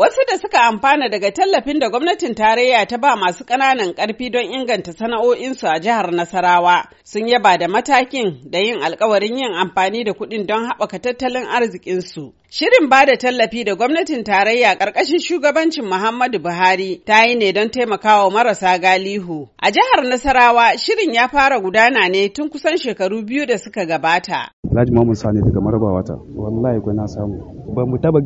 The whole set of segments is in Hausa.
Wasu da suka amfana daga tallafin da gwamnatin tarayya ta ba masu ƙananan ƙarfi don inganta sana'o'insu a jihar Nasarawa sun yaba da matakin da yin alkawarin yin amfani da kuɗin don haɓaka tattalin arzikinsu. Shirin ba da tallafi da gwamnatin tarayya ƙarƙashin shugabancin Muhammadu Buhari ta yi ne don taimakawa marasa galihu. A jihar Nasarawa shirin ya fara gudana ne tun kusan shekaru biyu da suka gabata. Alhaji Sani daga wallahi na samu. Ba mu taba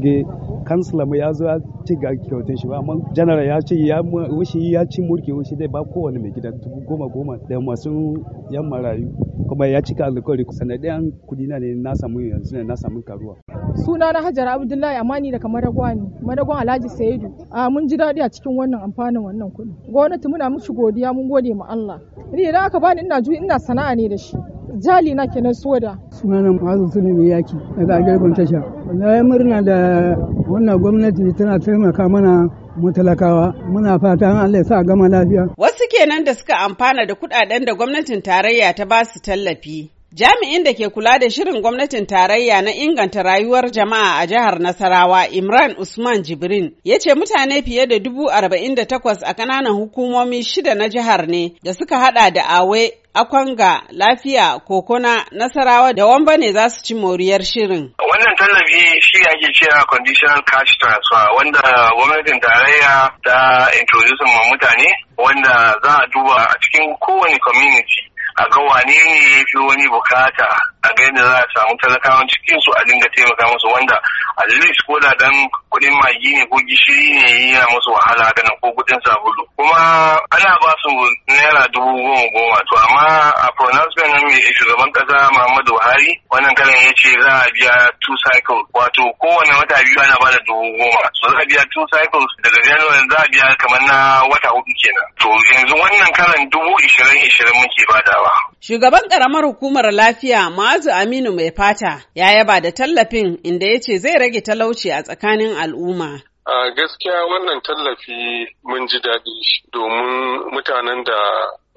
kansila ya zo ya ci ga kyautun shi ba amma general ya ce ya wushi ya ci murke wushi dai ba kowane mai gida dubu goma goma da masu yan marayu kuma ya cika alkawari sanadiyan kudi na ne na samu yanzu ne na samu karuwa suna na hajjar abdullahi amani daga madagwani madagwan alhaji sayidu a mun ji daɗi a cikin wannan amfanin wannan kuɗi gwamnati muna mushi godiya mun gode ma allah ni da aka bani ina juyi ina sana'a ne da shi jali na kenan soda. Sunana Muhammadu Sule mai yaki daga Agargon Tasha. Wallahi murna da wannan gwamnati tana taimaka mana mu muna fata Allah ya sa gama lafiya. Wasu kenan da suka amfana da kudaden da gwamnatin tarayya ta ba su tallafi. Jami'in da ke kula da shirin gwamnatin tarayya na inganta rayuwar jama'a a jihar Nasarawa Imran Usman Jibrin ya ce mutane fiye da dubu arba'in da takwas a kananan hukumomi shida na jihar ne da suka hada da Awe, Akwanga, Lafiya, Kokona, Nasarawa da Wamba ne za su ci moriyar shirin. Wannan tallafi shi ake cewa conditional cash transfer wanda gwamnatin tarayya ta introduce ma mutane wanda za a duba a cikin kowane community a ga wane ne ya fi wani bukata a ga yadda za a samu talakawan cikinsu a dinga taimaka musu wanda at least ko da dan kudin magi ne ko gishiri ne yana musu wahala haka nan ko kuɗin sabulu kuma ana ba su naira dubu goma goma to amma a pronouncement na mai shugaban ƙasa Muhammadu Buhari wannan kalan ya ce za a biya two cycles wato kowane wata biyu ana ba da dubu goma so za a biya two cycles daga January za a biya kamar na wata hudu kenan to yanzu wannan kalan dubu ishirin ishirin muke badawa. Shugaban ƙaramar hukumar lafiya Ma'azu Aminu mai fata ya yaba da tallafin inda ya ce zai rage talauci a tsakanin al'umma? A gaskiya wannan tallafi mun ji daɗi domin mutanen da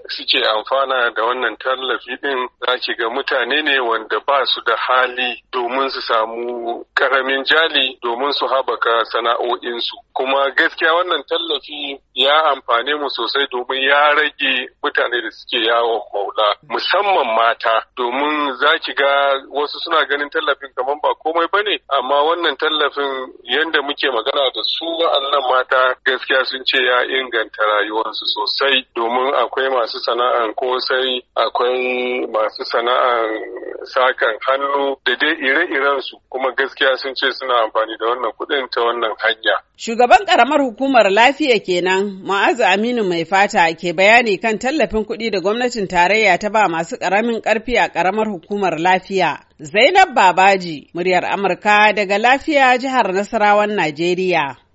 suke amfana da wannan tallafi ɗin za ki ga mutane ne wanda ba su da hali domin su samu karamin jali domin su haɓaka sana'o'insu kuma gaskiya wannan tallafi ya amfane mu sosai domin ya rage mutane da suke yawon maula musamman mata domin za ki ga wasu suna ganin tallafin kamar ba komai bane amma wannan tallafin yadda muke magana da su wa'annan mata gaskiya sun ce ya inganta rayuwarsu sosai domin akwai masu sana'an kosai akwai masu sana'an sakan hannu da dai ire-iren su kuma gaskiya sun ce suna amfani da wannan kuɗin ta wannan hanya. Shugaban ƙaramar hukumar lafiya kenan Ma'azu Aminu mai fata ke bayani kan tallafin kuɗi da gwamnatin tarayya ta ba masu ƙaramin ƙarfi a ƙaramar hukumar lafiya. Zainab Babaji, muryar Amurka daga lafiya jihar Nasarawan Najeriya.